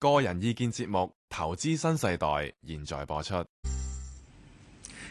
個人意見節目《投資新時代》現在播出。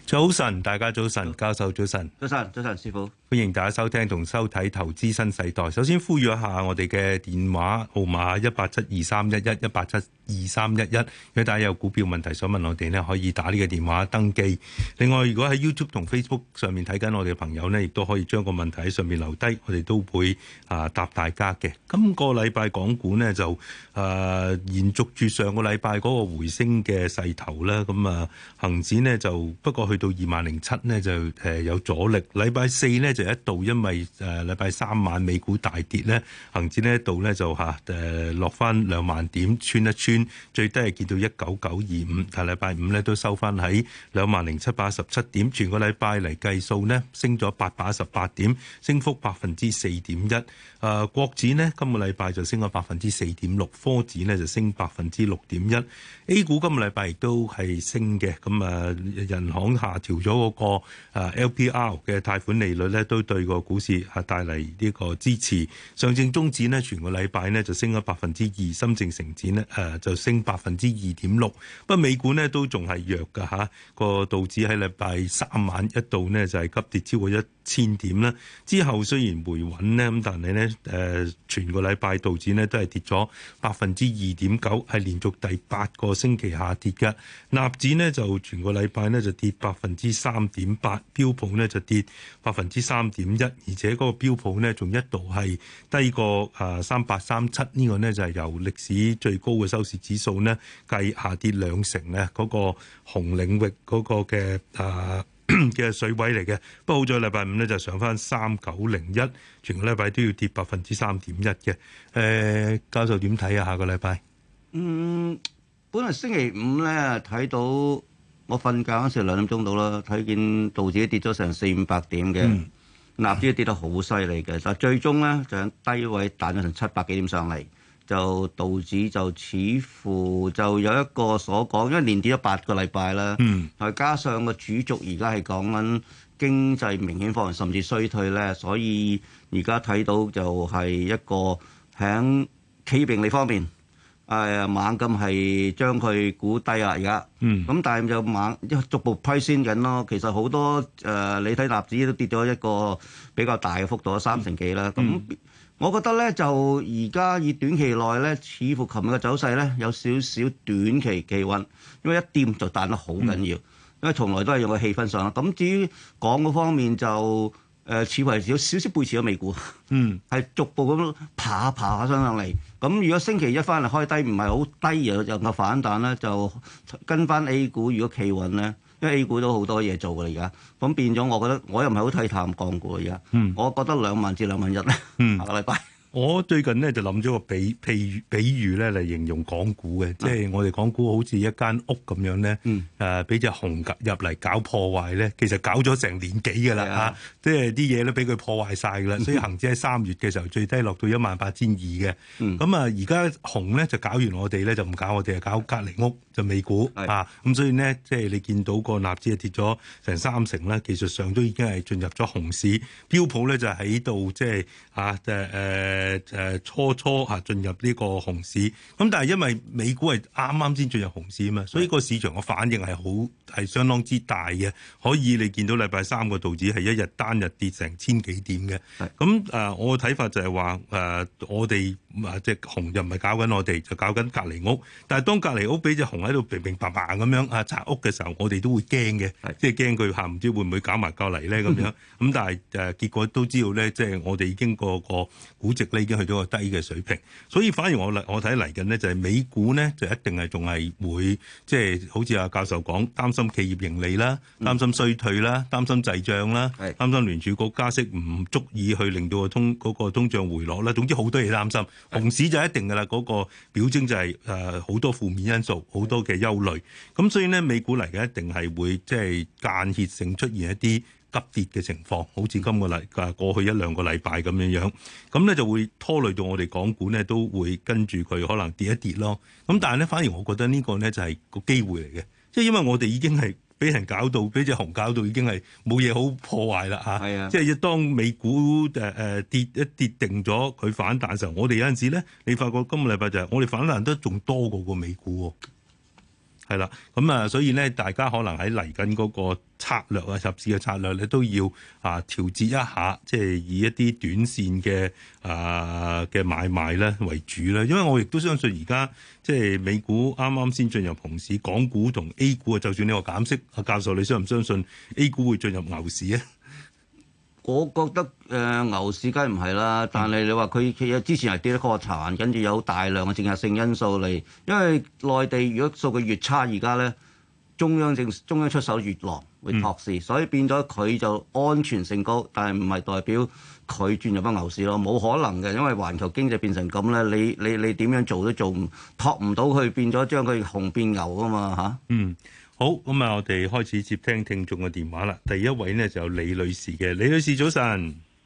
早晨，大家早晨，教授早晨，早晨早晨，師傅。歡迎大家收聽同收睇《投資新世代》。首先呼籲一下我哋嘅電話號碼一八七二三一一一八七二三一一。如果大家有股票問題想問我哋呢，可以打呢個電話登記。另外，如果喺 YouTube 同 Facebook 上面睇緊我哋嘅朋友呢，亦都可以將個問題喺上面留低，我哋都會啊答大家嘅。今個禮拜港股呢，就、呃、啊，延續住上個禮拜嗰個回升嘅勢頭啦。咁啊，恆指呢，就不過去到二萬零七呢，就、呃、誒有阻力。禮拜四呢。第一度，因為誒禮拜三晚美股大跌咧，恆指咧度咧就下誒落翻兩萬點，穿一穿，最低係見到一九九二五。但係禮拜五咧都收翻喺兩萬零七百一十七點。全個禮拜嚟計數呢，升咗八百一十八點，升幅百分之四點一。誒國指呢，今個禮拜就升咗百分之四點六，科指呢就升百分之六點一。A 股今個禮拜都係升嘅，咁誒人行下調咗嗰個 LPR 嘅貸款利率咧。都對個股市係帶嚟呢個支持。上證綜指呢，全個禮拜呢就升咗百分之二；深證成指呢，誒、呃、就升百分之二點六。不過美股呢都仲係弱嘅嚇，個道指喺禮拜三晚一度呢就係、是、急跌超過一千點啦。之後雖然回穩呢，咁但係呢誒全個禮拜道指呢都係跌咗百分之二點九，係連續第八個星期下跌嘅。納指呢就全個禮拜呢就跌百分之三點八，標普呢就跌百分之三。三點一，而且嗰個標普呢，仲一度係低過誒三八三七呢個呢，就係、是、由歷史最高嘅收市指數呢計下跌兩成呢嗰、那個紅領域嗰個嘅誒嘅水位嚟嘅。不過好在禮拜五呢，就上翻三九零一，全個禮拜都要跌百分之三點一嘅。誒、呃，教授點睇啊？下個禮拜，嗯，本來星期五呢，睇到我瞓覺嗰時兩點鐘到啦，睇見道指跌咗成四五百點嘅。嗯納指跌得好犀利嘅，但最終咧就喺低位彈咗成七百幾點上嚟，就道指就似乎就有一個所講，因為連跌咗八個禮拜啦，再、嗯、加上個主軸而家係講緊經濟明顯放緩甚至衰退咧，所以而家睇到就係一個喺企業盈利方面。誒、哎、猛咁係將佢估低啊！而家咁，嗯、但係就猛一逐步批先緊咯。其實好多誒、呃，你睇納指都跌咗一個比較大嘅幅度，三成幾啦。咁我覺得咧，就而家以短期內咧，似乎琴日嘅走勢咧有少少短期企穩，因為一掂就彈得好緊要，嗯、因為從來都係用個氣氛上啦。咁至於港股方面就。誒、呃、似係有少少背持咗美股，嗯，係 逐步咁爬下爬下上上嚟。咁如果星期一翻嚟開低，唔係好低又又夠反彈咧，就跟翻 A 股。如果企穩咧，因為 A 股都好多嘢做嘅而家，咁變咗我覺得我又唔係好睇淡港股而家，嗯，我覺得兩萬至兩萬一咧、 嗯，下個禮拜。我最近呢，就諗咗個比譬，比喻咧，嚟，形容港股嘅。即係我哋港股好似一間屋咁樣咧，誒、嗯，俾隻、啊、熊入嚟搞破壞咧，其實搞咗成年幾噶啦吓，即係啲嘢咧俾佢破壞晒噶啦，嗯、所以恒指喺三月嘅時候最低落到一萬八千二嘅。咁、嗯、啊，而家熊咧就搞完我哋咧就唔搞我哋，啊搞隔籬屋就美股。吓是，咁、啊、所以呢，即係你見到個納指啊跌咗成三成啦，技術上都已經係進入咗熊市，標普咧就喺度即係。就是啊，誒誒誒，初初嚇進入呢個熊市，咁但係因為美股係啱啱先進入熊市啊嘛，所以個市場嘅反應係好係相當之大嘅，可以你見到禮拜三個道指係一日單日跌成千幾點嘅。咁誒，我嘅睇法就係話誒，我哋啊隻熊又唔係搞緊我哋，就搞緊隔籬屋。但係當隔籬屋俾隻熊喺度明明白白咁樣啊拆屋嘅時候，我哋都會驚嘅，即係驚佢嚇唔知會唔會搞埋隔籬咧咁樣。咁但係誒結果都知道咧，即係我哋已經過。個個估值咧已經去到個低嘅水平，所以反而我嚟我睇嚟緊咧就係美股咧就一定係仲係會即係好似阿教授講，擔心企業盈利啦，擔心衰退啦，擔心滯脹啦，擔心聯儲局加息唔足以去令到個通嗰個通脹回落啦。總之好多嘢擔心，熊市就一定噶啦，嗰個表徵就係誒好多負面因素，好多嘅憂慮。咁所以咧美股嚟緊一定係會即係間歇性出現一啲。急跌嘅情況，好似今個禮拜過去一兩個禮拜咁樣樣，咁咧就會拖累到我哋港股咧，都會跟住佢可能跌一跌咯。咁但係咧，反而我覺得呢個咧就係個機會嚟嘅，即係因為我哋已經係俾人搞到，俾隻熊搞到已經係冇嘢好破壞啦嚇。係啊的，即係要當美股誒誒、呃、跌一跌定咗，佢反彈時候，我哋有陣時咧，你發覺今個禮拜就係我哋反彈得仲多過個美股喎。係啦，咁啊、嗯，所以咧，大家可能喺嚟緊嗰個策略啊、入市嘅策略咧，都要啊調節一下，即係以一啲短線嘅啊嘅買賣咧為主咧。因為我亦都相信而家即係美股啱啱先進入熊市，港股同 A 股啊，就算呢個減息，阿教授你相唔相信 A 股會進入牛市啊？我覺得誒、呃、牛市梗唔係啦，但係你話佢其實之前係跌得過殘，跟住有大量嘅政策性因素嚟，因為內地如果數據越差，而家咧中央政中央出手越狼，會托市，所以變咗佢就安全性高，但係唔係代表佢轉入翻牛市咯，冇可能嘅，因為環球經濟變成咁咧，你你你點樣做都做託唔到佢，變咗將佢熊變牛嘛啊嘛嚇。嗯。好，咁啊，我哋開始接聽聽眾嘅電話啦。第一位呢，就是、李女士嘅，李女士早晨，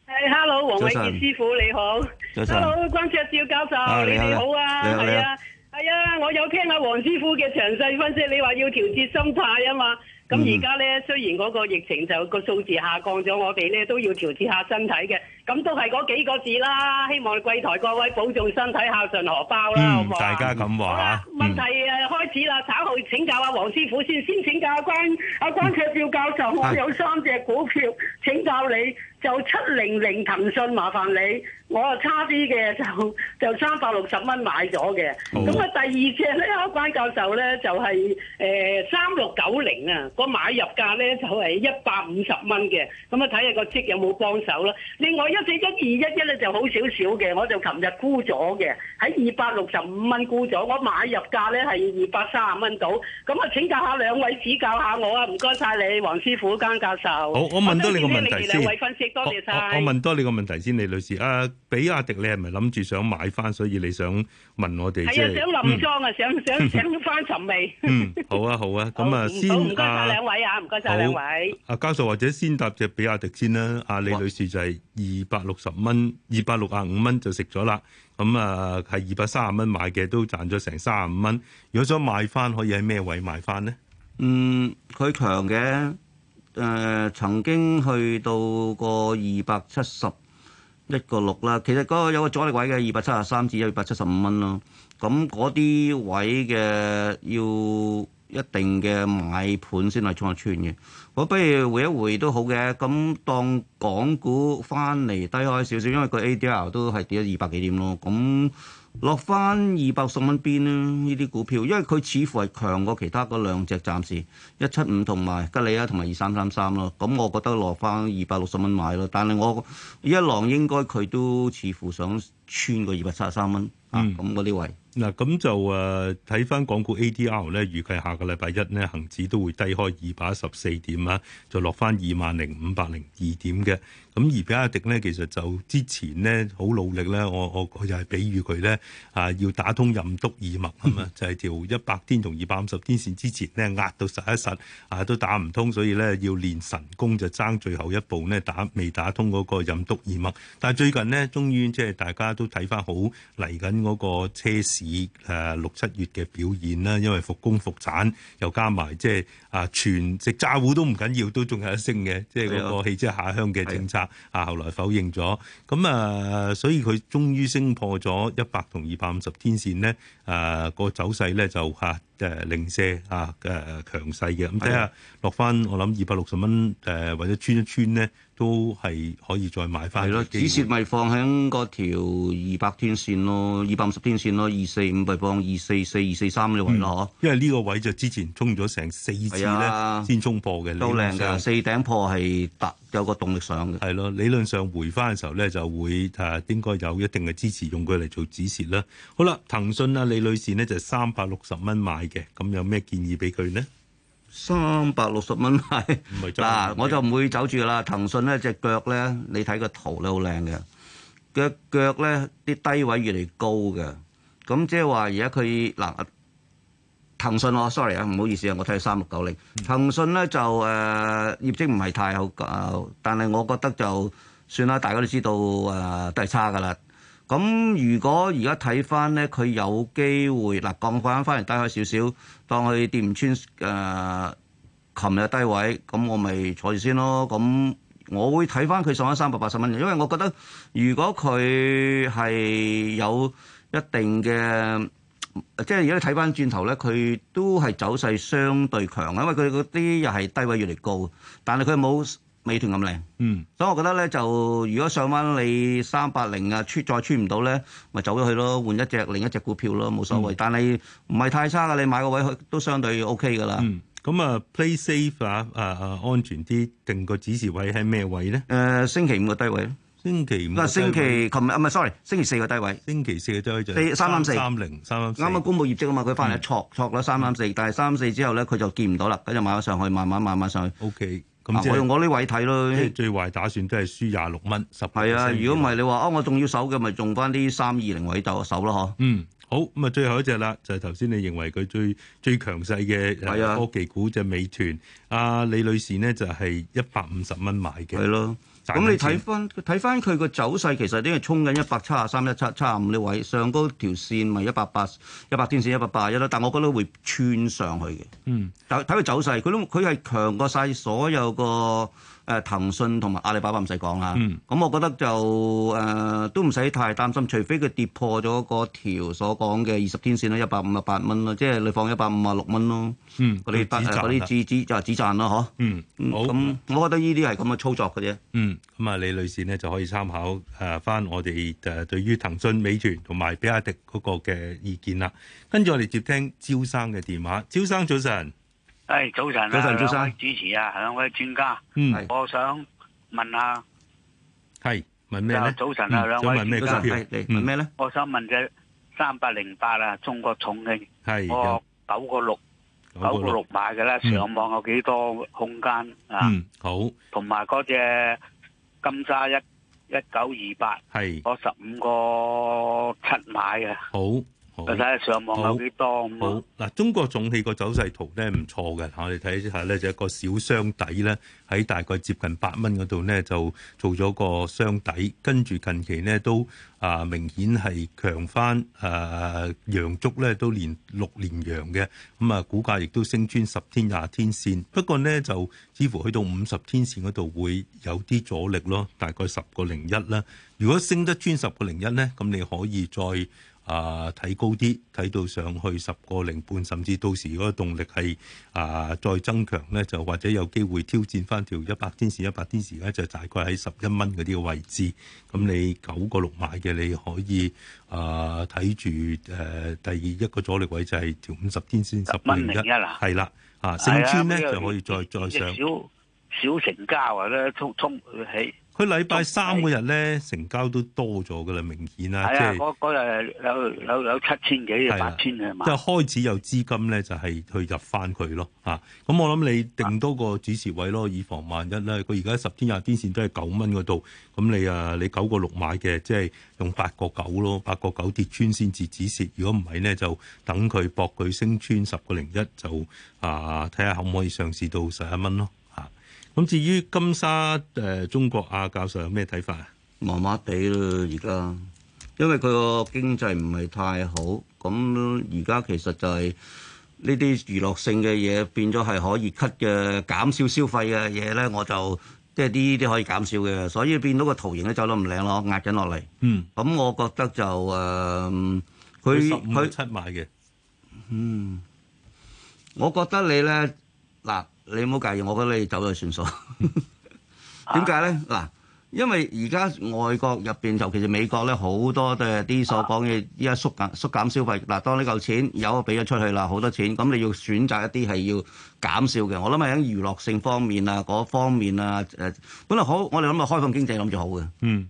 係、hey，hello，黃偉杰師傅你好晨，hello，關卓照教授 Hello, 你哋好啊，係啊，係啊，我有聽阿黃師傅嘅詳細分析，你話要調節心態啊嘛。咁而家咧，雖然嗰個疫情就個數字下降咗，我哋咧都要調節下身體嘅。咁都係嗰幾個字啦，希望櫃台各位保重身體，孝順荷包啦，嗯、好吧大家咁話啊？吧嗯、問題誒開始啦，稍後請教阿黃師傅先，先請教阿關阿關卓照教授，我、啊、有三隻股票請教你，就七零零騰訊，麻煩你。我啊差啲嘅，就就三百六十蚊買咗嘅。咁啊好第二隻咧，阿關教授咧就係誒三六九零啊。呃個買入價咧就係一百五十蚊嘅，咁啊睇下個息有冇幫手啦。另外一四一二一一咧就好少少嘅，我就琴日沽咗嘅，喺二百六十五蚊沽咗。我買入價咧係二百三十蚊到，咁啊請教下兩位指教下我啊，唔該曬你黃師傅、江教授。好，我問多你個問題先。兩位分析，多謝曬。我問多你個問題先，李女士啊，比亞迪你係咪諗住想買翻，所以你想問我哋？係啊，想林裝啊，想想想翻尋味。嗯，好啊，好啊，咁啊，先。兩位啊，唔該曬兩位。阿教授或者先答隻比亞迪先啦。阿哇李女士就係二百六十蚊，二百六啊五蚊就食咗啦。咁、嗯、啊，係二百卅十蚊買嘅都賺咗成卅十五蚊。如果想買翻，可以喺咩位買翻呢？嗯，佢強嘅。誒、呃，曾經去到個二百七十一個六啦。其實嗰個有個阻力位嘅二百七十三至一百七十五蚊咯。咁嗰啲位嘅要。一定嘅買盤先係衝穿嘅，我不如回一回都好嘅。咁當港股翻嚟低開少少，因為佢 ADR 都係跌咗二百幾點咯。咁落翻二百六十蚊邊呢？呢啲股票，因為佢似乎係強過其他嗰兩隻，暫時一七五同埋吉利啊同埋二三三三咯。咁我覺得落翻二百六十蚊買咯。但係我一浪應該佢都似乎想。穿個二百三十三蚊啊，咁嗰啲位嗱，咁就誒睇翻港股 ADR 咧，預計下個禮拜一呢，恒指都會低開二百一十四點啊，就落翻二萬零五百零二點嘅。咁而比亞迪呢，其實就之前呢，好努力咧，我我，我就係比喻佢咧啊，要打通任督二脈吖嘛， 就係條一百天同二百五十天線之前呢，壓到實一實啊，都打唔通，所以咧要練神功就爭最後一步呢，打未打通嗰個任督二脈。但係最近呢，終於即係大家都。都睇翻好嚟緊嗰個車市誒、啊、六七月嘅表現啦，因為復工復產又加埋、即係，即係啊全即揸股都唔緊要，都仲有一升嘅，即係嗰個汽車下鄉嘅政策啊後來否認咗，咁啊所以佢終於升破咗一百同二百五十天線呢誒、啊嗰個走勢咧就嚇。啊零舍啊，嘅、呃、強勢嘅，咁睇下落翻，我諗二百六十蚊誒，或者穿一穿咧，都係可以再買翻。止蝕咪放喺嗰條二百天線咯，二百五十天線咯，二四五咪放二四四、二四三呢位咯，因為呢個位就之前衝咗成四次咧，的先衝破嘅。都靚㗎，想四頂破係突。有個動力上嘅係咯，理論上回翻嘅時候咧，就會誒、啊、應該有一定嘅支持，用佢嚟做支持啦。好啦，騰訊啊，李女士呢就三百六十蚊買嘅，咁有咩建議俾佢呢？三百六十蚊買嗱，我就唔會走住啦。騰訊呢隻腳咧，你睇個圖咧好靚嘅，腳腳咧啲低位越嚟越高嘅，咁即係話而家佢嗱。騰訊我 sorry 啊，唔好意思啊，我睇三六九零騰訊咧，就誒業績唔係太好，但係我覺得就算啦，大家都知道誒都係差噶啦。咁如果而家睇翻咧，佢有機會嗱降翻翻嚟低開少少，當佢掂唔穿誒琴日低位，咁我咪坐住先咯。咁我會睇翻佢上翻三百八十蚊，因為我覺得如果佢係有一定嘅。即係而家你睇翻轉頭咧，佢都係走勢相對強，因為佢嗰啲又係低位越嚟高，但係佢冇美團咁靚，嗯、所以我覺得咧就如果上翻你三百零啊，穿再出唔到咧，咪走咗去咯，換一隻另一隻股票咯，冇所謂。嗯、但係唔係太差嘅，你買個位去都相對 O K 嘅啦。咁啊、嗯 uh，Play Safe 啊，誒誒安全啲，定個指示位喺咩位咧？誒、呃，星期五嘅低位。星期五唔係星期，琴日唔係，sorry，星期四個低位。星期四嘅低位就四三三四三零三，啱啱公布業績啊嘛，佢翻嚟挫挫啦三三四，但係三四之後咧，佢就見唔到啦，咁就買咗上去，慢慢慢慢上去。O K，咁即係我用我呢位睇咯。即係最壞打算都係輸廿六蚊十。係啊，如果唔係你話啊，我仲要守嘅，咪仲翻啲三二零位就手咯嗬。嗯，好，咁啊，最後一隻啦，就係頭先你認為佢最最強勢嘅科技股就美團。阿李女士呢，就係一百五十蚊買嘅。係咯。咁你睇翻睇翻佢個走勢，其實都係衝緊一百七十三、一七七十五呢位，上高條線咪一百八、一百天線一百八一啦。但我覺得會穿上去嘅。嗯，但睇佢走勢，佢都佢係強過晒所有個。誒騰訊同埋阿里巴巴唔使講啦，咁我覺得就誒都唔使太擔心，除非佢跌破咗嗰條所講嘅二十天線啦，一百五十八蚊咯，即係你放一百五十六蚊咯，嗰啲止賺，啲止就係止賺咯，嗬。呃啊、嗯，好。咁、嗯、我覺得呢啲係咁嘅操作嘅啫。嗯，咁啊李女士呢就可以參考誒返、呃、我哋誒對於騰訊、美團同埋比亞迪嗰個嘅意見啦。跟住我哋接聽招生嘅電話，招生早晨。係早晨啊，兩位主持啊，兩位專家，嗯，我想問下係問咩咧？早晨啊，兩位專家，問咩咧？我想問隻三百零八啊，中國重汽，係我九個六九個六買嘅啦，上網有幾多空間啊？嗯，好。同埋嗰隻金沙一一九二八，係我十五個七買啊。好。睇下上網有幾多咁好嗱，中國重汽個走勢圖咧唔錯嘅、啊，我哋睇下咧就是、一個小箱底咧，喺大概接近八蚊嗰度咧就做咗個箱底，跟住近期呢，都啊明顯係強返，誒陽燭咧都連六連陽嘅咁啊，股價亦都升穿十天廿天線，不過咧就似乎去到五十天線嗰度會有啲阻力咯，大概十個零一啦。如果升得穿十個零一咧，咁你可以再。啊，睇高啲，睇到上去十個零半，甚至到時嗰個動力係啊，再增強咧，就或者有機會挑戰翻條一百天線、一百天線咧，就大概喺十一蚊嗰啲位置。咁你九個六買嘅，你可以啊睇住誒第二一個阻力位就係條五十天線十蚊零一啦，係啦十蚊零一？係嘅，啊升穿咧就可以再再上。少少成交或咧，通通去佢禮拜三嗰日咧成交都多咗噶啦，明顯啦。係啊，嗰日有有有七千幾、的八千係嘛？就開始有資金咧，就係、係、去入翻佢咯。嚇、啊，咁我諗你定多個止蝕位咯，以防萬一咧。佢而家十天、廿天線都係九蚊嗰度，咁你啊，你九個六買嘅，即係用八個九咯，八個九跌穿先至止蝕，如果唔係呢，就等佢搏佢升穿十個零一，就啊睇下可唔可以上市到十一蚊咯。咁至於金沙，誒，中國啊，教授有咩睇法啊？麻麻地咯，而家因為佢個經濟唔係太好，咁而家其實就係呢啲娛樂性嘅嘢變咗係可以 cut 嘅減少消費嘅嘢咧，我就即係啲啲可以減少嘅，所以變到個圖形咧走得唔靚咯，壓緊落嚟。嗯。咁我覺得就誒，佢佢七萬嘅。嗯。我覺得你咧嗱。你唔好介意，我覺得你走咗算數。點解咧？嗱，因為而家外國入邊，尤其是美國咧，好多都係啲所講嘅，依家縮減、縮減消費。嗱，當呢嚿錢有俾咗出去啦，好多錢，咁你要選擇一啲係要減少嘅。我諗係喺娛樂性方面啊，嗰方面啊，誒，本來好，我哋諗啊開放經濟諗住好嘅。嗯。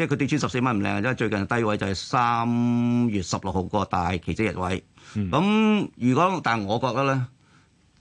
即係佢跌穿十四蚊唔靚，因為最近低位就係三月十六號個大奇蹟日位。咁、嗯、如果但係我覺得咧，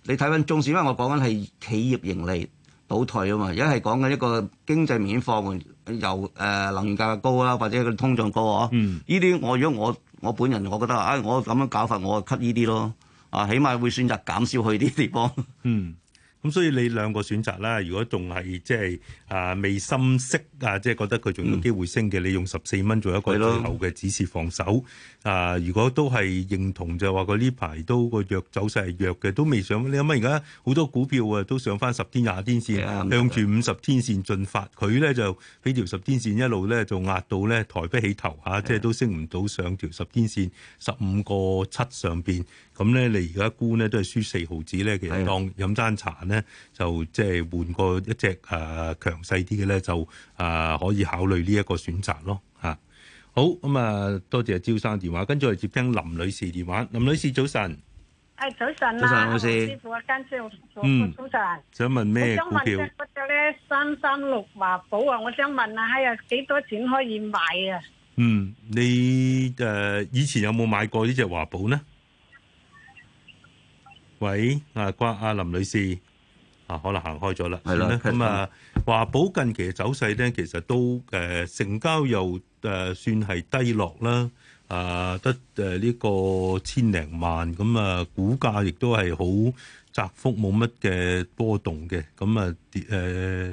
你睇翻中市，因為我講緊係企業盈利倒退啊嘛，而家係講緊一個經濟明顯放緩，由誒、呃、能源價格高啦，或者個通脹高啊。依啲、嗯、我如果我我本人，我覺得啊，我咁樣搞法，我 cut 呢啲咯。啊，起碼會選擇減少去啲地方。嗯。咁、嗯、所以你兩個選擇啦，如果仲係即係啊未心息啊，即係覺得佢仲有機會升嘅，嗯、你用十四蚊做一個最後嘅指示防守的啊。如果都係認同就話個呢排都個弱走勢係弱嘅，都未上。你諗下，而家好多股票啊都上翻十天廿天線，向住五十天線進發，佢咧就俾條十天線一路咧就壓到咧抬不起頭吓，啊、的即係都升唔到上條十天線十五個七上邊。咁咧、嗯，你而家沽咧都係輸四毫子咧。其實當飲餐茶咧，就即係換過一隻誒、呃、強勢啲嘅咧，就啊、呃、可以考慮呢一個選擇咯。嚇、啊、好咁啊、嗯，多謝招生電話，跟住我哋接聽林女士電話。林女士早晨，誒早晨，早晨，我司師傅啊，間銷嗯早晨、啊、嗯想問咩股票咧？三三六華寶啊，我想問下啊，幾多錢可以買啊？嗯，你誒、呃、以前有冇買過呢隻華寶呢？喂，阿郭阿林女士，啊，可能行開咗啦，係啦。咁啊，華寶近期嘅走勢咧，其實都誒、呃、成交又誒、呃、算係低落啦，啊、呃、得誒呢個千零萬咁啊、嗯，股價亦都係好窄幅冇乜嘅波動嘅。咁啊跌誒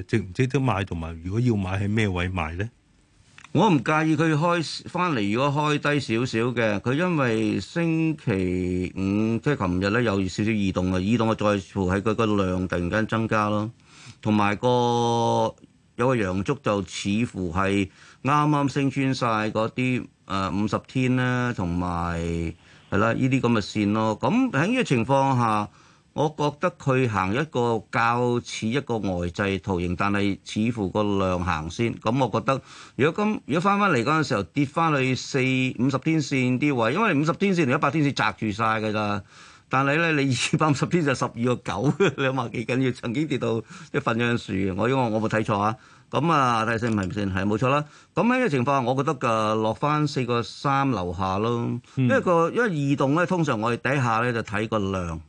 值唔值得買，同埋如果要買，買，喺咩位買咧？我唔介意佢開翻嚟，如果開低少少嘅，佢因為星期五即係琴日咧有少少移動啊，移動嘅在乎喺佢個量突然間增加咯，同埋個有個陽燭就似乎係啱啱升穿晒嗰啲誒五十天咧，同埋係啦呢啲咁嘅線咯，咁喺呢個情況下。我覺得佢行一個較似一個外製圖形，但係似乎個量行先。咁、嗯、我覺得，如果今如果翻翻嚟嗰陣時候跌翻去四五十天線啲位，因為你五十天線同一百天線擲住晒㗎咋。但係咧，你二百五十天線就十二個九，你話幾緊要，曾經跌到一分量樹。我因為我冇睇錯啊。咁啊，睇第四名先係冇錯啦。咁、嗯、呢、嗯那個情況，我覺得嘅落翻四個三樓下咯。因為個因為異動咧，通常我哋底下咧就睇個量。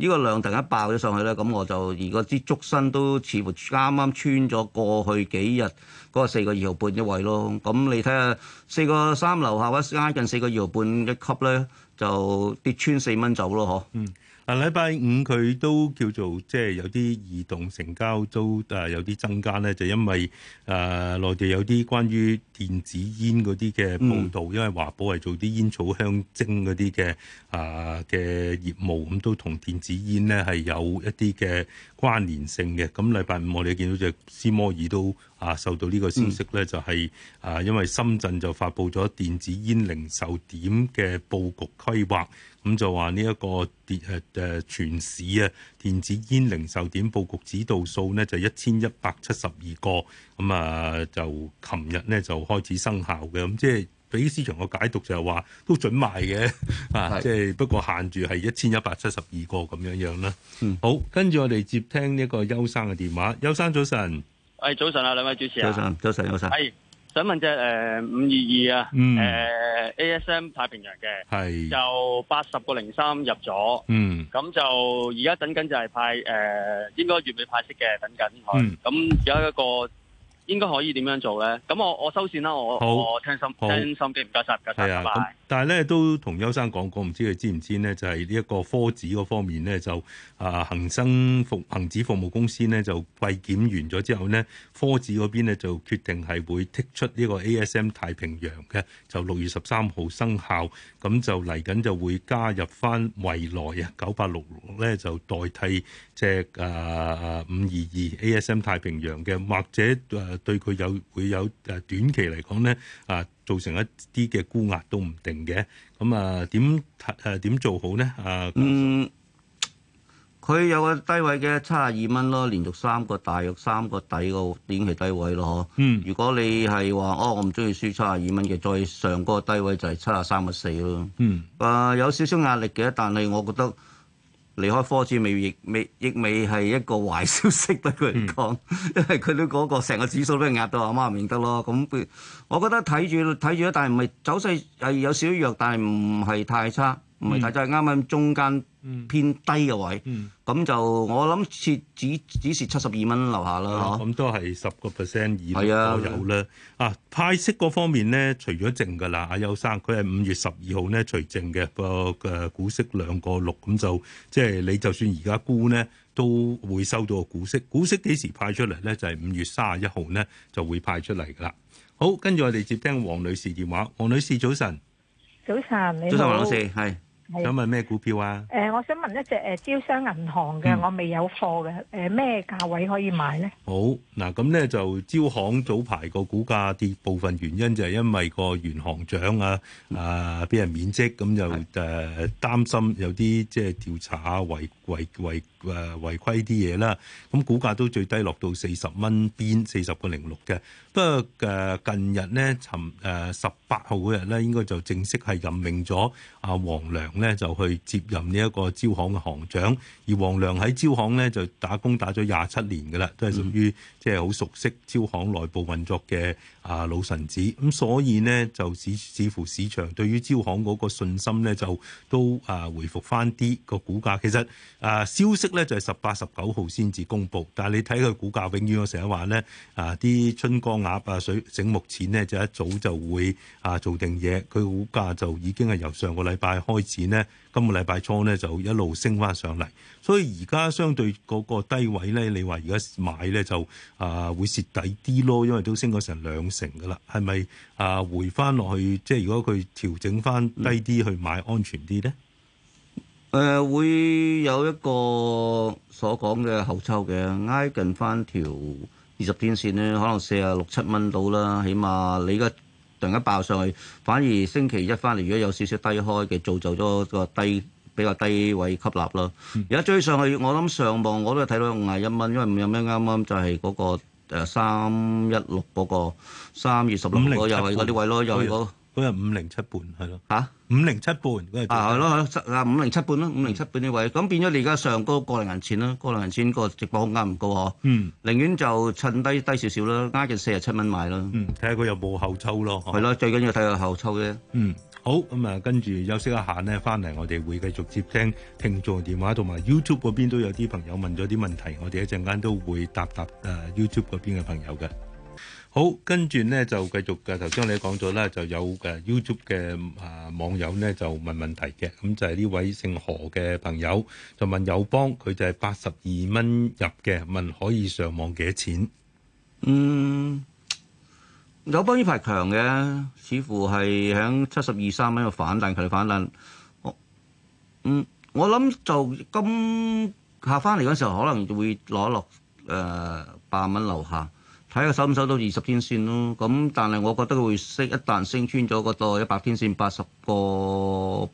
呢個量突然一爆咗上去咧，咁我就而嗰支燭身都似乎啱啱穿咗過去幾日。嗰個四個二毫半一位咯，咁你睇下四個三樓下或者挨近四個二毫半一級咧，就跌穿四蚊走咯。嗬、嗯，啊，禮拜五佢都叫做即係、就是、有啲移動成交都誒有啲增加咧，就因為誒、呃、內地有啲關於電子煙嗰啲嘅報導，嗯、因為華寶係做啲煙草香精嗰啲嘅啊嘅業務，咁都同電子煙咧係有一啲嘅關聯性嘅。咁禮拜五我哋見到隻斯摩爾都。啊，受到呢個消息咧，就係啊，因為深圳就發布咗電子煙零售點嘅佈局規劃，咁就話呢一個電誒誒全市啊電子煙零售點佈局指導數呢，就一千一百七十二個，咁啊就琴日呢，就開始生效嘅，咁即係俾市場個解讀就係話都准賣嘅啊，即係是 不過限住係一千一百七十二個咁樣樣啦。嗯，好，跟住我哋接聽呢一個邱生嘅電話，邱生，早晨。喂、哎，早晨啊，兩位主持啊，早晨，早晨，早晨。係、哎，想問隻誒五二二啊，誒，A S M 太平洋嘅，係，就八十個零三入咗，嗯，咁就而家等緊就係派誒、呃，應該月尾派息嘅，等緊，係咁而家一個。應該可以點樣做咧？咁我我收線啦，我好我聽心好聽心機，唔該晒。唔該曬，的拜，拜、嗯、但係咧都同邱生講講，唔知佢知唔知呢？就係、是、呢個科指嗰方面呢，就啊恆生服恆指服務公司呢，就季檢完咗之後呢，科指嗰邊咧就決定係會剔出呢個 ASM 太平洋嘅，就六月十三號生效，咁、嗯、就嚟緊就會加入翻蔚來啊九八六六咧就代替隻啊五二二 ASM 太平洋嘅，或者誒。呃呃對佢有會有誒短期嚟講咧啊，造成一啲嘅沽壓都唔定嘅。咁啊，點誒點做好咧啊？嗯，佢有個低位嘅七廿二蚊咯，連續三個大約三個底個短期低位咯。嗯、啊，如果你係話哦，我唔中意輸七廿二蚊嘅，再上個低位就係七廿三個四咯。嗯，啊，有少少壓力嘅，但係我覺得。離開科指未，亦未亦未係一個壞消息對佢嚟講，嗯、因為佢都嗰個成個指數都俾壓到阿媽唔認得咯。咁，我覺得睇住睇住，但係唔係走勢係有少少弱，但係唔係太差。唔係，就係啱啱中間偏低嘅位，咁、嗯、就我諗設只只是七十二蚊樓下啦，嗬。咁都係十個 percent 以內都有咧。啊，派息嗰方面咧，除咗剩噶啦，阿優生佢係五月十二號咧除剩嘅個嘅股息兩個六，咁就即係你就算而家沽呢，都會收到個股息。股息幾時派出嚟咧？就係、是、五月三十一號咧就會派出嚟噶啦。好，跟住我哋接聽黃女士電話。黃女士早晨，早晨，你早晨，黃老師，係。想問咩股票啊？誒、呃，我想問一隻誒、呃、招商銀行嘅，嗯、我未有貨嘅，誒、呃、咩價位可以買咧？好，嗱咁咧就招行早排個股價跌，部分原因就係因為個原行長啊啊俾人免職，咁就誒、呃、擔心有啲即係調查下違。違違誒違規啲嘢啦，咁股價都最低落到四十蚊邊，四十個零六嘅。不過誒近日呢，尋誒十八號嗰日呢，應該就正式係任命咗阿王良呢，就去接任呢一個招行嘅行長。而王良喺招行呢，就打工打咗廿七年㗎喇，都係屬於，即係好熟悉招行內部運作嘅啊老臣子，咁所以呢，就似似乎市場對於招行嗰個信心呢，就都啊回覆翻啲個股價。其實啊消息呢，就係十八十九號先至公佈，但係你睇佢股價，永遠我成日話呢啊啲春江鴨啊水、醒目錢呢就一早就會啊做定嘢，佢股價就已經係由上個禮拜開始呢。今個禮拜初咧就一路升翻上嚟，所以而家相對嗰個低位咧，你話而家買咧就啊會蝕底啲咯，因為都升咗成兩成噶啦，係咪啊回翻落去？即係如果佢調整翻低啲去買，安全啲咧？誒，會有一個所講嘅後抽嘅挨近翻條二十天線咧，可能四十六七蚊到啦，起碼你個。突然間爆上去，反而星期一翻嚟，如果有少少低開嘅，造就咗個低比較低位吸納咯。而家、嗯、追上去，我諗上望我都睇到五十一蚊，因為冇有咩啱啱就係嗰個三一六嗰個三月十六嗰又係嗰啲位咯，又嗰、那個。嗰個五零七半係咯，嚇，五零七半嗰個啊，好咯啊，五零七半咯，五零七半啲位，咁變咗你而家上高過零銀錢咯，過零銀錢個直播空間唔高呵。嗯，寧願就趁低低少少啦，挨近四十七蚊買咯，嗯，睇下佢有冇後抽咯，係咯，最緊要睇下後抽啫。嗯，好，咁啊跟住休息一下呢，翻嚟我哋會繼續接聽聽眾電話，同埋 YouTube 嗰邊都有啲朋友問咗啲問題，我哋一陣間都會答答誒、uh, YouTube 嗰邊嘅朋友嘅。好，跟住咧就繼續嘅，頭先你講咗啦，就有嘅 YouTube 嘅啊網友咧就問問題嘅，咁就係呢位姓何嘅朋友就問友邦佢就係八十二蚊入嘅，問可以上網幾錢？嗯，友邦呢排強嘅，似乎係喺七十二三蚊度反彈，佢反彈。嗯，我諗就今下翻嚟嗰時候可能會攞落誒，八十蚊樓下。呃睇下收唔收到二十天線咯，咁但係我覺得佢會升，一旦升穿咗個一百天線八十個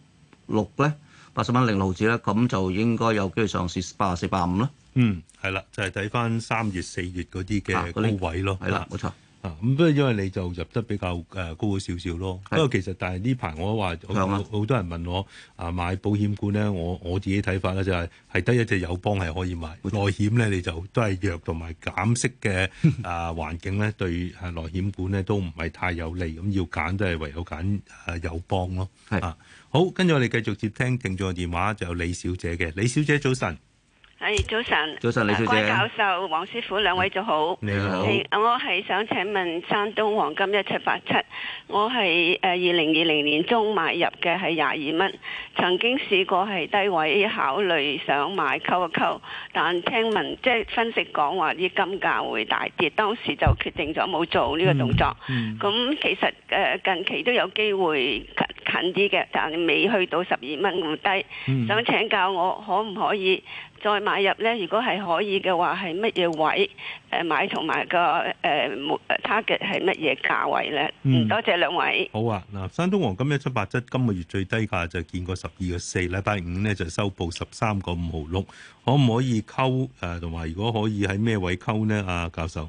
六咧，八十蚊零六毫紙咧，咁就應該有機會上試八十四百五啦。嗯，係啦，就係睇翻三月四月嗰啲嘅高位咯，係啦、啊，冇的的錯。啊，咁都、嗯、因為你就入得比較誒、呃、高少少咯。不過的其實，但係呢排我話好的多人問我啊、呃，買保險股咧，我我自己睇法咧就係係得一隻友邦係可以買的內險咧，你就都係弱同埋減息嘅啊環境咧， 對內險股咧都唔係太有利，咁要揀都係唯有揀啊友邦咯。係的啊，好，跟住我哋繼續接聽聽眾電話，就有李小姐嘅，李小姐，李小姐早晨。係早晨，早晨李小姐、教授、黃師傅兩位早好。你好，我係想請問山東黃金一七八七，我係誒二零二零年中買入嘅係廿二蚊，曾經試過係低位考慮想買，溝一溝，但聽聞即係分析講話啲金價會大跌，當時就決定咗冇做呢個動作。咁、嗯嗯、其實誒近期都有機會近啲嘅，但未去到十二蚊咁低。嗯、想請教我可唔可以？再買入咧，如果係可以嘅話，係乜嘢位？誒買同埋個誒、呃、目 target 係乜嘢價位咧？嗯，多謝兩位。好啊，嗱，山東黃金一七八七今個月最低價就見過十二個四，禮拜五咧就收報十三個五毫六。可唔可以溝誒？同、呃、埋如果可以喺咩位溝呢？啊，教授，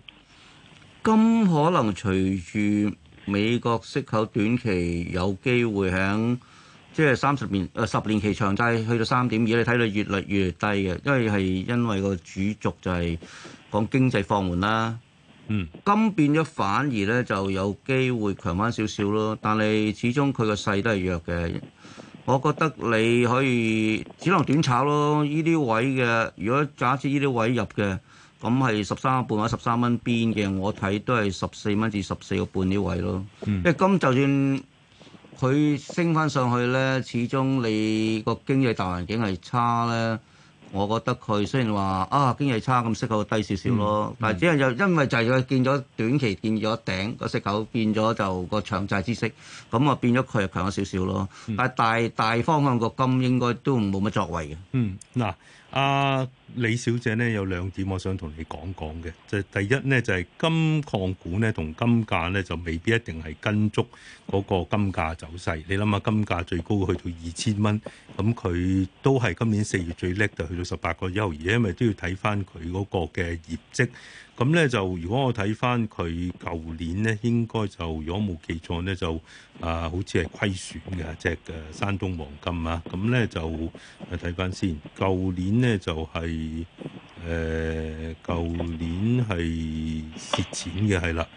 咁可能隨住美國息口短期有機會喺。即係三十年，誒十年期長債去到三點二，你睇到越嚟越，越低嘅，因為係因為個主軸就係、是、講經濟放緩啦。嗯，金變咗反而咧就有機會強翻少少咯，但係始終佢個勢都係弱嘅。我覺得你可以只能短炒咯，呢啲位嘅，如果假設呢啲位入嘅，咁係十三個半或者十三蚊邊嘅，我睇都係十四蚊至十四個半呢位咯。因為金就算。佢升翻上去咧，始終你個經濟大環境係差咧，我覺得佢雖然話啊經濟差咁，息口低少少咯，嗯、但係只係又因為就係佢見咗短期見咗頂，個息口變咗就個長債孳息，咁啊變咗佢又強咗少少咯，嗯、但係大大方向個金應該都冇乜作為嘅。嗯，嗱、呃，啊。李小姐呢，有兩點我想同你講講嘅，就第一呢，就係、是、金礦股呢，同金價呢，就未必一定係跟足嗰個金價走勢。你諗下金價最高去到二千蚊，咁佢都係今年四月最叻就去到十八個優而家，因為都要睇返佢嗰個嘅業績。咁呢，就如果我睇返佢舊年呢，應該就如果冇記錯呢，就啊，好似係虧損嘅隻嘅山東黃金啊。咁呢，就睇返先，舊年呢，就係、是。係誒，舊年係蝕錢嘅係啦，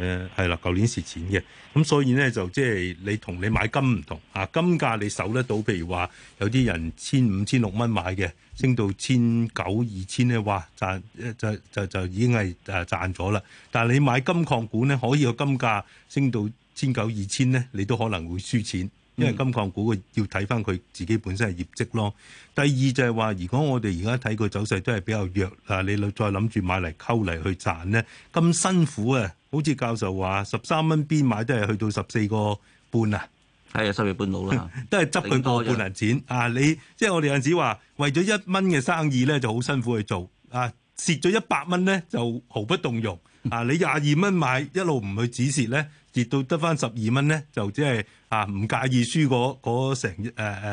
誒係啦，舊年蝕錢嘅，咁所以咧就即係你同你買金唔同啊，金價你守得到，譬如話有啲人千五千六蚊買嘅，升到千九二千咧，哇賺一就就就，就已經係誒賺咗啦，但係你買金礦股咧，可以個金價升到千九二千咧，你都可能會輸錢。因為金礦股嘅要睇翻佢自己本身嘅業績咯。第二就係話，如果我哋而家睇個走勢都係比較弱，嗱，你再諗住買嚟溝嚟去賺咧，咁辛苦啊！好似教授話，十三蚊邊買都係去到十四個半啊，係啊，十四個半到啦，都係執佢個半銀錢啊！你即係我哋有陣時話，為咗一蚊嘅生意咧，就好辛苦去做啊！蝕咗一百蚊咧，就毫不動容啊！你廿二蚊買一路唔去止蝕咧。跌到得翻十二蚊咧，就即係啊唔介意輸嗰成誒誒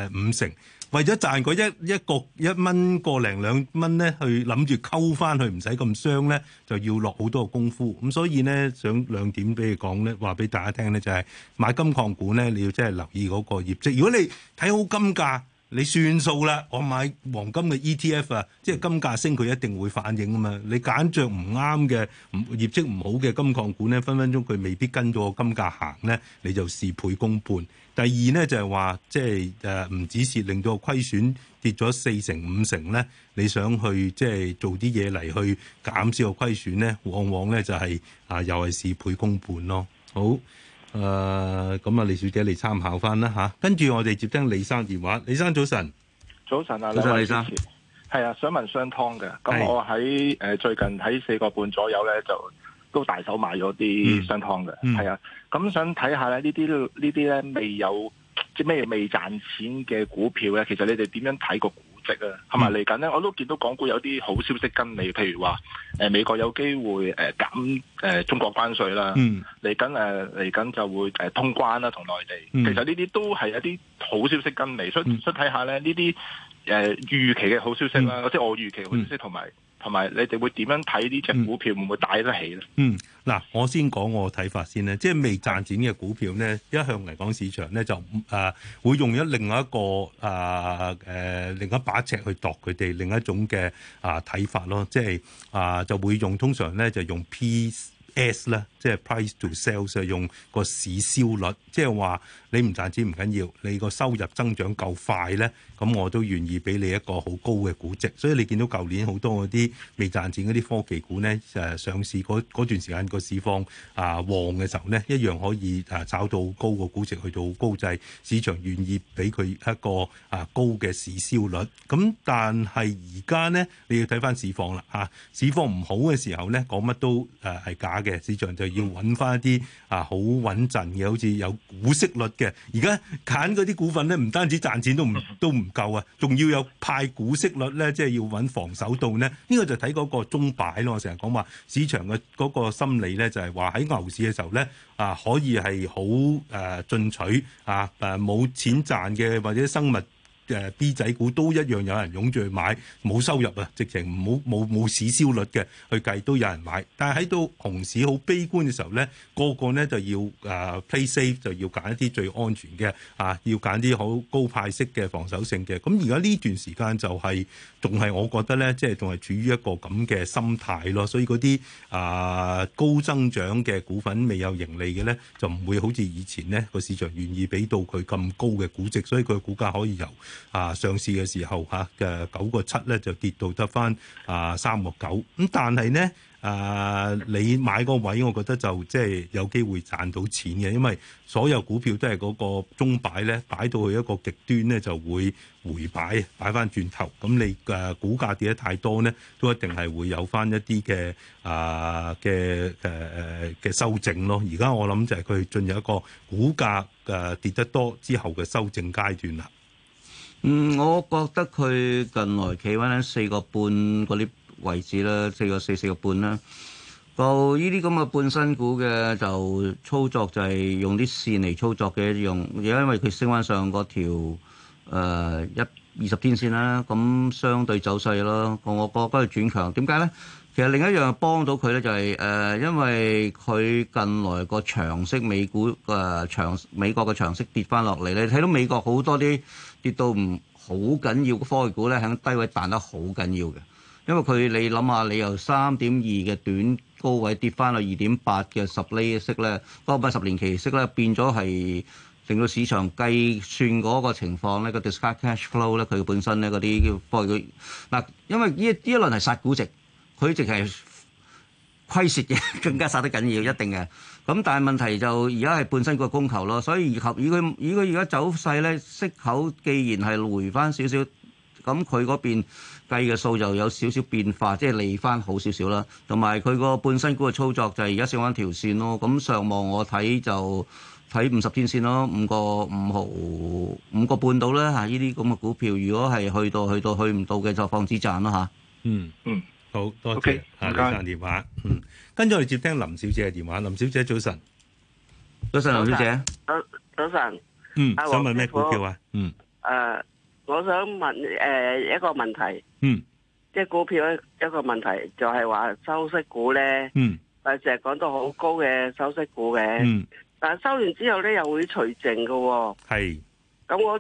五成，為咗賺嗰一一個一蚊個零兩蚊咧，去諗住溝翻去唔使咁傷咧，就要落好多功夫。咁所以咧，想兩點俾你講咧，話俾大家聽咧，就係買金礦股咧，你要即係留意嗰個業績。如果你睇好金價。你算數啦，我買黃金嘅 ETF 啊，即係金價升，佢一定會反映啊嘛。你揀着唔啱嘅業績唔好嘅金礦股咧，分分鐘佢未必跟咗個金價行咧，你就事倍功半。第二咧就係話，即係誒唔止是令到個虧損跌咗四成五成咧，你想去即係、就是、做啲嘢嚟去減少個虧損咧，往往咧就係、是、啊又係事倍功半咯。好。誒，咁啊、呃，李小姐你參考翻啦，吓，跟住我哋接聽李生電話。李生早晨，早晨啊，李生，係啊，想問商湯嘅。咁我喺、誒、呃、最近喺四個半左右咧，就都大手買咗啲商湯嘅，係、嗯嗯、啊。咁、嗯、想睇下咧，呢啲呢啲咧未有即咩未賺錢嘅股票咧，其實你哋點樣睇個？值啊，同埋嚟緊咧，我都見到港股有啲好消息跟嚟，譬如話，誒、呃、美國有機會誒、呃、減誒、呃、中國關稅啦。嗯，嚟緊誒嚟緊就會誒、呃、通關啦，同內地。嗯、其實呢啲都係一啲好消息跟嚟，所以、嗯、想睇下咧呢啲誒預期嘅好消息啦，嗯、即係我預期嘅好消息同埋。嗯同埋，你哋會點樣睇呢隻股票、嗯、會唔會帶得起咧？嗯，嗱，我先講我睇法先咧，即係未賺錢嘅股票咧，一向嚟講市場咧就誒、呃、會用咗另外一個誒誒、呃、另一把尺去度佢哋另一種嘅啊睇法咯，即係啊、呃、就會用通常咧就用 P/S 啦，即係 Price to Sales 用個市銷率，即係話你唔賺錢唔緊要，你個收入增長夠快咧。咁、嗯、我都願意俾你一個好高嘅估值，所以你見到舊年好多嗰啲未賺錢嗰啲科技股咧誒、呃、上市嗰段時間個市況啊旺嘅時候咧，一樣可以誒炒到高個估值去，去到高滯市場願意俾佢一個啊高嘅市銷率。咁但係而家咧，你要睇翻市況啦嚇，市況唔好嘅時候咧，講乜都誒係假嘅，市場就要揾翻一啲啊好穩陣嘅，好似有股息率嘅。而家揀嗰啲股份咧，唔單止賺錢都唔都唔。夠啊！仲要有派股息率咧，即係要揾防守度呢。呢、呢個就睇嗰個鐘擺咯。我成日講話，市場嘅嗰個心理咧，就係話喺牛市嘅時候咧、呃，啊可以係好誒進取啊誒冇錢賺嘅或者生物。誒，B 仔股都一樣有人湧住去買，冇收入啊，直情冇冇冇市銷率嘅去計都有人買。但係喺到熊市好悲觀嘅時候咧，個個咧就要啊、uh, play safe，就要揀一啲最安全嘅啊，要揀啲好高派息嘅防守性嘅。咁而家呢段時間就係仲係我覺得咧，即係仲係處於一個咁嘅心態咯。所以嗰啲啊高增長嘅股份未有盈利嘅咧，就唔會好似以前呢個市場願意俾到佢咁高嘅估值，所以佢嘅股價可以由啊！上市嘅時候嚇嘅九個七咧，就跌到得翻啊三個九咁。但係呢，誒、啊、你買個位，我覺得就即係有機會賺到錢嘅，因為所有股票都係嗰個中擺咧擺到去一個極端咧，就會回擺擺翻轉頭。咁你誒股價跌得太多咧，都一定係會有翻一啲嘅啊嘅誒誒嘅修正咯。而家我諗就係佢進入一個股價誒跌得多之後嘅修正階段啦。嗯，我覺得佢近來企穩喺四個半嗰啲位置啦，四個四四個半啦。就呢啲咁嘅半新股嘅，就操作就係用啲線嚟操作嘅，用因為佢升翻上嗰條、呃、一二十天線啦，咁相對走勢咯。我覺得佢轉強，點解咧？其實另一樣幫到佢咧、就是，就係誒，因為佢近來個長息美股誒、呃、長美國嘅長息跌翻落嚟咧，你睇到美國好多啲。跌到唔好緊要，科技股咧喺低位彈得好緊要嘅，因為佢你諗下，你由三點二嘅短高位跌翻去二點八嘅十釐息咧，多咪十年期息咧，變咗係令到市場計算嗰個情況咧，個 discount cash flow 咧，佢本身咧嗰啲科技股。嗱，因為呢呢一輪係殺估值，佢直情係虧蝕嘅，更加殺得緊要，一定嘅。咁但係問題就而家係半新股供求咯，所以以及以佢以佢而家走勢咧，息口既然係回翻少少，咁佢嗰邊計嘅數就有少少變化，即係利翻好少少啦。同埋佢個半新股嘅操作就係而家上翻條線咯。咁上望我睇就睇五十天線咯，五個五毫五個半到啦嚇。呢啲咁嘅股票，如果係去到去到去唔到嘅，就放止賺啦吓，嗯、啊、嗯，好多謝啊，李生 Okay, 電話謝謝嗯。跟住我哋接聽林小姐嘅電話。林小姐早晨，早晨林小姐，早早晨，嗯，想問咩股票啊？嗯，誒，我想問誒一個問題，嗯，即係股票一一個問題就係話收息股咧，嗯，誒成日講到好高嘅收息股嘅，嗯，但係收完之後咧又會除淨嘅，係，咁我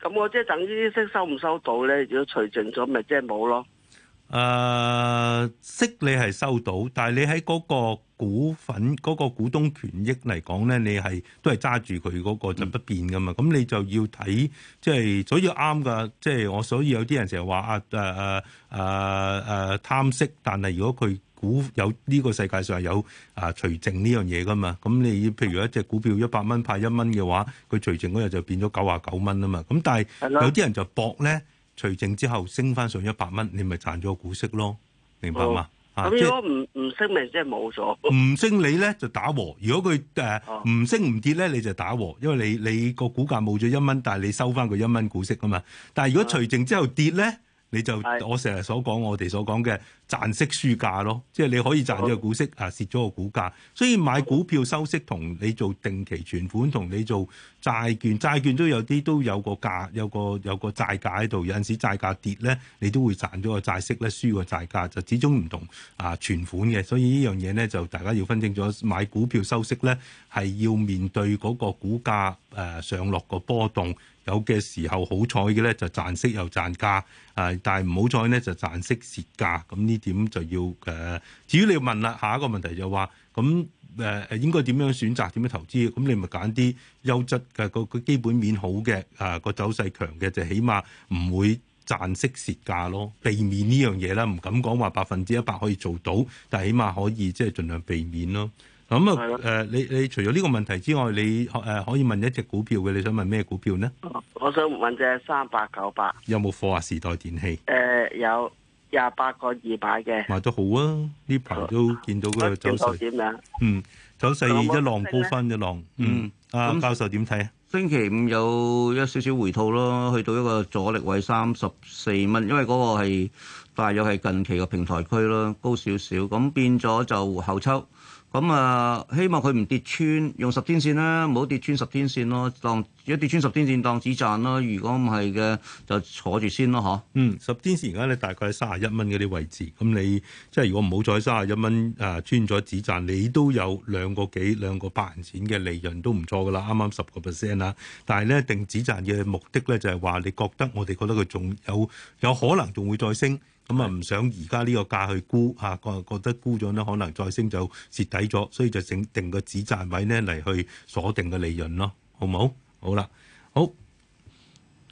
咁我即係等於息收唔收到咧？如果除淨咗咪即係冇咯。誒、uh, 息你係收到，但係你喺嗰個股份嗰、那個股東權益嚟講咧，你係都係揸住佢嗰個就不變㗎嘛。咁、嗯、你就要睇，即、就、係、是、所以啱㗎。即、就、係、是、我所以有啲人成日話啊誒誒誒誒貪息，但係如果佢股有呢個世界上係有啊除淨呢樣嘢㗎嘛，咁你譬如一隻股票一百蚊派一蚊嘅話，佢除淨嗰日就變咗九啊九蚊啊嘛。咁但係有啲人就搏咧。除淨之後升翻上一百蚊，你咪賺咗股息咯，明白嘛？咁、哦啊、如果唔唔、啊、升咪即係冇咗。唔 升你咧就打和，如果佢誒唔升唔跌咧，你就打和，因為你你個股價冇咗一蚊，但係你收翻佢一蚊股息啊嘛。但係如果除淨之後跌咧，啊、你就是我成日所講我哋所講嘅。賺息輸價咯，即係你可以賺咗個股息，啊蝕咗個股價，所以買股票收息同你做定期存款同你做債券，債券都有啲都有個價，有個有個債價喺度，有陣時債價跌咧，你都會賺咗個債息咧，輸個債價就始終唔同啊存款嘅，所以呢樣嘢咧就大家要分清楚，買股票收息咧係要面對嗰個股價誒上落個波動，有嘅時候好彩嘅咧就賺息又賺價，啊但係唔好彩呢，就賺息蝕價，咁、嗯、呢？點就要誒、呃？至於你要問啦，下一個問題就話咁誒誒，應該點樣選擇點樣投資？咁、嗯、你咪揀啲優質嘅個個基本面好嘅啊，個走勢強嘅，就起碼唔會賺息蝕價咯，避免呢樣嘢啦。唔敢講話百分之一百可以做到，但係起碼可以即係、就是、盡量避免咯。咁啊誒，你你除咗呢個問題之外，你誒、呃、可以問一隻股票嘅，你想問咩股票呢？我想問隻三八九八有冇科華時代電器？誒、呃、有。廿八個二百嘅，賣得好啊！呢排都見到佢走勢點樣？嗯，走勢一浪高翻一浪。嗯，咁教授點睇？星期五有一少少回吐咯，去到一個阻力位三十四蚊，因為嗰個係大約係近期嘅平台區咯，高少少咁變咗就後抽。咁啊，希望佢唔跌穿，用十天線啦，唔好跌穿十天線咯。當如果跌穿十天線，當止賺咯。如果唔係嘅，就坐住先咯，嚇。嗯，十天線而家咧大概係三十一蚊嗰啲位置，咁你即係如果唔好再三十一蚊啊，穿咗止賺，你都有兩個幾兩個百元錢嘅利潤都唔錯噶啦。啱啱十個 percent 啦，但係咧定止賺嘅目的咧就係話你覺得我哋覺得佢仲有有可能仲會再升。咁啊，唔想而家呢個價去沽，嚇，覺覺得沽咗呢可能再升就蝕底咗，所以就整定個止賺位呢嚟去鎖定嘅利潤咯，好唔好？好啦。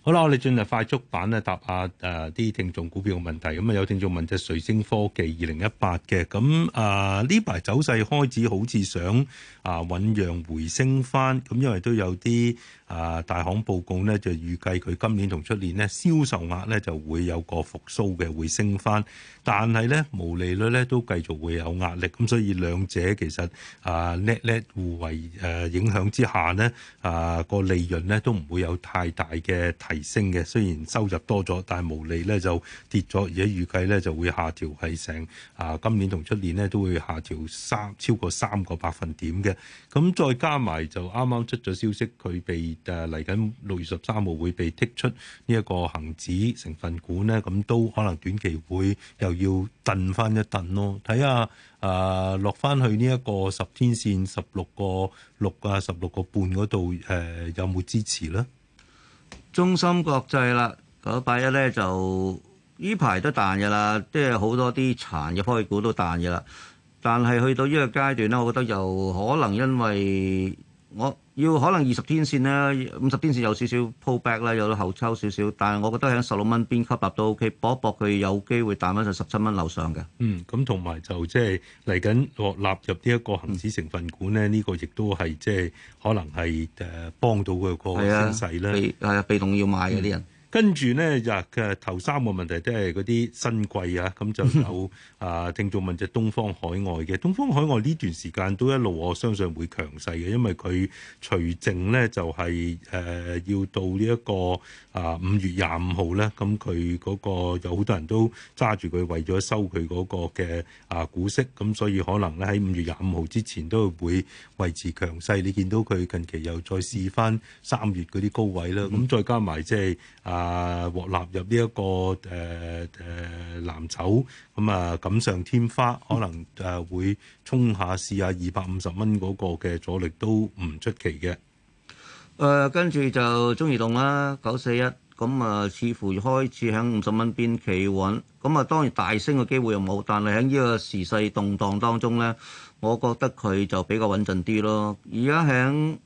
好啦，我哋進入快速版咧，答下誒啲、啊、聽眾股票嘅問題。咁、嗯、啊，有聽眾問就瑞星科技二零一八嘅，咁、嗯、啊呢排走勢開始好似想啊醞釀回升翻，咁、嗯、因為都有啲啊大行報告呢就預計佢今年同出年呢銷售額呢就會有個復甦嘅，升回升翻。但係呢毛利率呢都繼續會有壓力，咁、嗯、所以兩者其實啊 net net 互為誒、啊、影響之下呢啊個利潤呢都唔會有太大嘅。提升嘅，雖然收入多咗，但係毛利咧就跌咗，而家預計咧就會下調，係成啊今年同出年咧都會下調三超過三個百分點嘅。咁、嗯、再加埋就啱啱出咗消息，佢被誒嚟緊六月十三號會被剔出呢一個恆指成分股咧，咁、嗯、都可能短期會又要燉翻一燉咯。睇下啊落翻去呢一個十天線十六個六啊十六個半嗰度誒有冇支持咧？中芯國際啦，九八一咧就呢排都彈嘅啦，即係好多啲殘嘅科技股都彈嘅啦。但係去到呢個階段咧，我覺得又可能因為。我要可能二十天線啦，五十天線有少少 pull back 啦，有啲後抽少少，但係我覺得喺十六蚊邊吸納都 O K，搏一搏佢有機會彈翻到十七蚊樓上嘅。嗯，咁同埋就即係嚟緊落納入呢一個恆指成分股咧，呢、嗯、個亦都係即係可能係誒幫到佢個升勢咧。係、嗯、啊，啊，被動要買嘅啲、嗯、人。跟住呢，就嘅頭三個問題都係嗰啲新貴啊，咁就有 啊聽眾問就東方海外嘅，東方海外呢段時間都一路我相信會強勢嘅，因為佢除淨呢就係、是、誒、呃、要到呢、這、一個啊五、呃、月廿五號呢。咁佢嗰個有好多人都揸住佢為咗收佢嗰個嘅啊股息，咁所以可能咧喺五月廿五號之前都會維持強勢。你見到佢近期又再試翻三月嗰啲高位啦，咁再加埋即係啊。呃啊，獲納入呢、這、一個誒誒、呃呃、藍籌，咁啊錦上添花，可能誒、啊、會衝下試下二百五十蚊嗰個嘅阻力都唔出奇嘅。誒、呃，跟住就中移動啦，九四一，咁啊，似乎開始喺五十蚊邊企穩。咁啊，當然大升嘅機會又冇，但係喺呢個時勢動盪當中咧，我覺得佢就比較穩陣啲咯。而家喺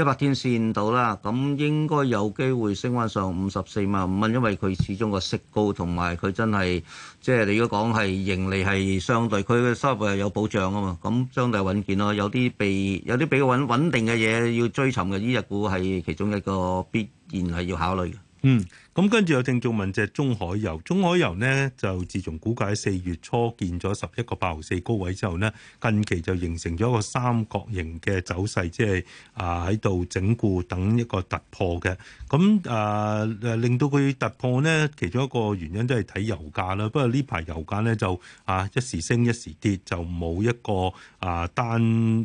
一百天線到啦，咁應該有機會升翻上五十四萬五蚊，因為佢始終個息高同埋佢真係，即係你如果講係盈利係相對，佢嘅收入係有保障啊嘛，咁相對穩健咯。有啲被有啲比較穩穩定嘅嘢要追尋嘅，呢隻股係其中一個必然係要考慮嘅。嗯。咁跟住有聽眾問就係中海油，中海油呢，就自從估計四月初見咗十一個八毫四高位之後呢，近期就形成咗一個三角形嘅走勢，即係啊喺度整固等一個突破嘅。咁啊、呃、令到佢突破呢，其中一個原因都係睇油價啦。不過呢排油價呢，就啊一時升一時跌，就冇一個啊單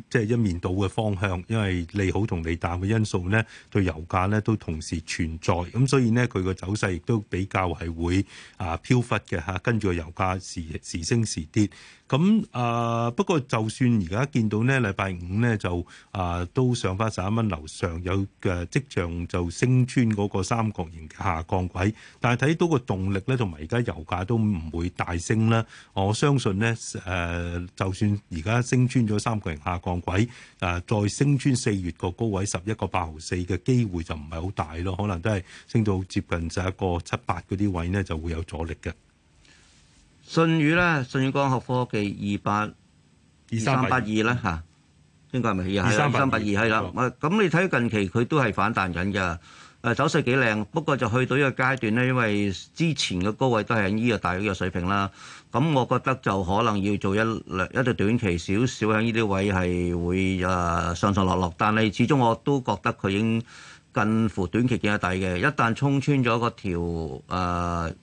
即係、就是、一面倒嘅方向，因為利好同利淡嘅因素呢，對油價呢都同時存在。咁所以呢，佢個。走勢亦都比較係會啊飄忽嘅吓，跟住個油價時時升時跌。咁啊，不過就算而家見到咧，禮拜五咧就啊都上翻十一蚊樓上，有嘅跡象就升穿嗰個三角形下降軌，但係睇到個動力咧，同埋而家油價都唔會大升啦。我相信咧誒，就算而家升穿咗三角形下降軌，誒再升穿四月個高位十一個八毫四嘅機會就唔係好大咯，可能都係升到接近就一個七八嗰啲位咧就會有阻力嘅。信宇咧，信宇光學科技 28, 2, 二八二三八二咧嚇，應該係咪二三八二？係啦，咁你睇近期佢都係反彈緊嘅，誒走勢幾靚，不過就去到呢個階段咧，因為之前嘅高位都係喺呢個大約呢個水平啦。咁我覺得就可能要做一一段短期少少喺呢啲位係會誒上上落落，但係始終我都覺得佢已經近乎短期見底嘅。一旦衝穿咗個條、呃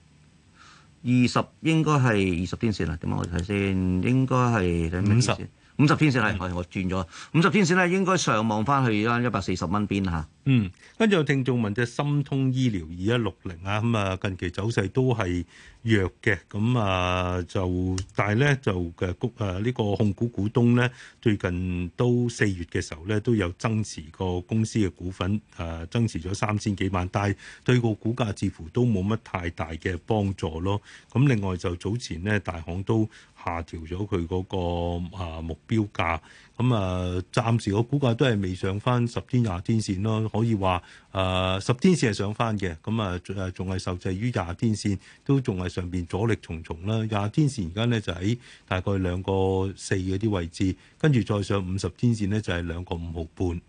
二十應該係二十天線啦，點解我睇先？應該係五十。五十天線咧，我我轉咗五十天線咧，應該上望翻去啱一百四十蚊邊吓。嗯，跟住有聽眾問隻心通醫療二一六零啊，咁啊近期走勢都係弱嘅，咁啊就但係咧就嘅股誒呢個控股股東咧，最近都四月嘅時候咧都有增持個公司嘅股份，誒增持咗三千幾萬，但係對個股價似乎都冇乜太大嘅幫助咯。咁另外就早前咧大行都。下調咗佢嗰個啊目標價，咁啊暫時我估價都係未上返十天廿天線咯，可以話啊十天線係上返嘅，咁啊誒仲係受制於廿天線，都仲係上邊阻力重重啦。廿天線而家呢就喺大概兩個四嗰啲位置，跟住再上五十天線呢，就係兩個五毫半。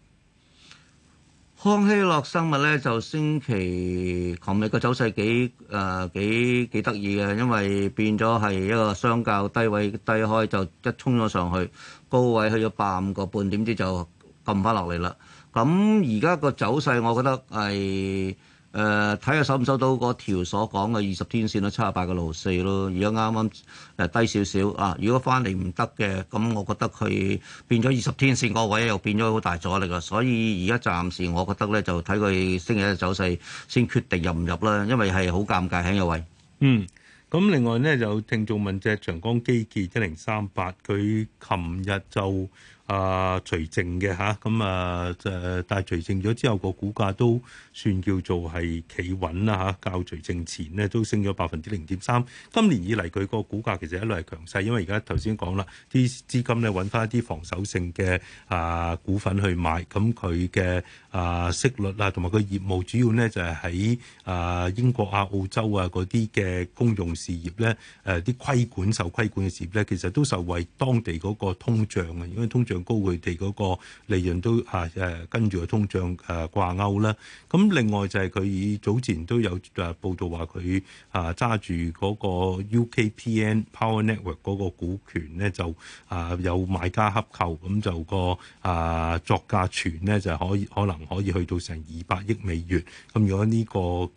康希諾生物咧就星期琴日個走勢幾誒幾幾得意嘅，因為變咗係一個相較低位低開就一衝咗上去，高位去咗八五個半點啲就撳翻落嚟啦。咁而家個走勢，我覺得係。誒睇下收唔收到嗰條所講嘅二十天線咯，七十八個路四咯，如果啱啱誒低少少啊！如果翻嚟唔得嘅，咁我覺得佢變咗二十天線個位又變咗好大阻力啦，所以而家暫時我覺得咧就睇佢星期一嘅走勢先決定入唔入啦，因為係好尷尬喺入位。嗯，咁另外咧就聽眾問隻長江基建一零三八，佢琴日就。啊，除淨嘅嚇，咁啊，誒，但係除淨咗之後，個股價都算叫做係企穩啦嚇。較除淨前呢，都升咗百分之零點三。今年以嚟，佢個股價其實一路係強勢，因為而家頭先講啦，啲資金咧揾翻一啲防守性嘅啊股份去買，咁佢嘅啊，啊息率啊，同埋佢業務主要咧就係、是、喺啊英國啊、澳洲啊嗰啲嘅公用事業咧，誒、啊、啲規管受規管嘅事業咧，其實都受惠當地嗰個通脹啊，因為通脹。高佢哋嗰個利潤都啊誒跟住個通脹誒掛鈎啦。咁另外就係佢早前都有誒報道話，佢啊揸住嗰個 UKPN Power Network 嗰個股權咧就啊有買家洽購，咁就個啊作價傳咧就可以可能可以去到成二百億美元。咁如果呢個誒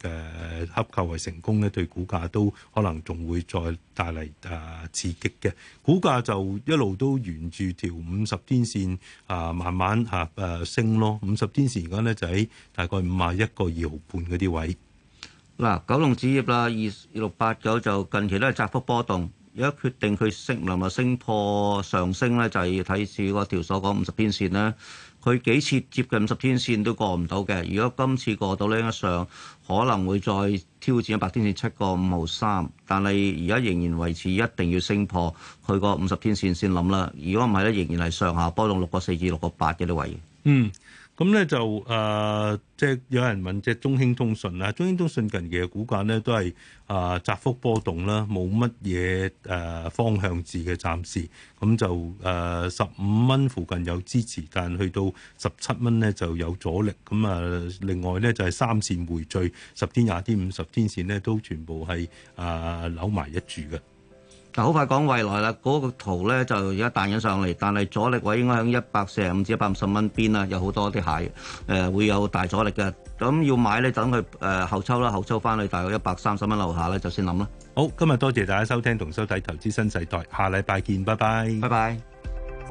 洽購係成功咧，對股價都可能仲會再帶嚟誒刺激嘅。股價就一路都沿住條五十。天線啊，慢慢啊誒升咯，五十天線而家咧就喺大概五啊一個二毫半嗰啲位。嗱，九龍紙業啦，二二六八九就近期都係窄幅波動，而家決定佢升，能否升破上升咧，就要睇住嗰條所講五十天線啦。佢幾次接近五十天線都過唔到嘅，如果今次過到呢上，可能會再挑戰一百天線七個五毫三，但係而家仍然維持一定要升破佢個五十天線先諗啦。如果唔係咧，仍然係上下波動六個四至六個八嘅都位。嗯。咁咧、嗯、就誒、呃，即係有人問即係中興通訊啦，中興通訊近期嘅股價咧都係啊窄幅波動啦，冇乜嘢誒方向字嘅暫時，咁、嗯、就誒十五蚊附近有支持，但去到十七蚊咧就有阻力。咁、嗯、啊、呃，另外咧就係三線匯聚，十天、廿天、五十天線咧都全部係啊、呃、扭埋一住嘅。嗱，好快講未來啦！嗰個圖咧就而家彈咗上嚟，但係阻力位應該喺一百四十五至一百五十蚊邊啦，有好多啲蟹，誒會有大阻力嘅。咁要買咧，等佢誒後抽啦，後抽翻去大概一百三十蚊樓下咧，就先諗啦。好，今日多謝大家收聽同收睇《投資新世代》，下禮拜見，拜拜，拜拜。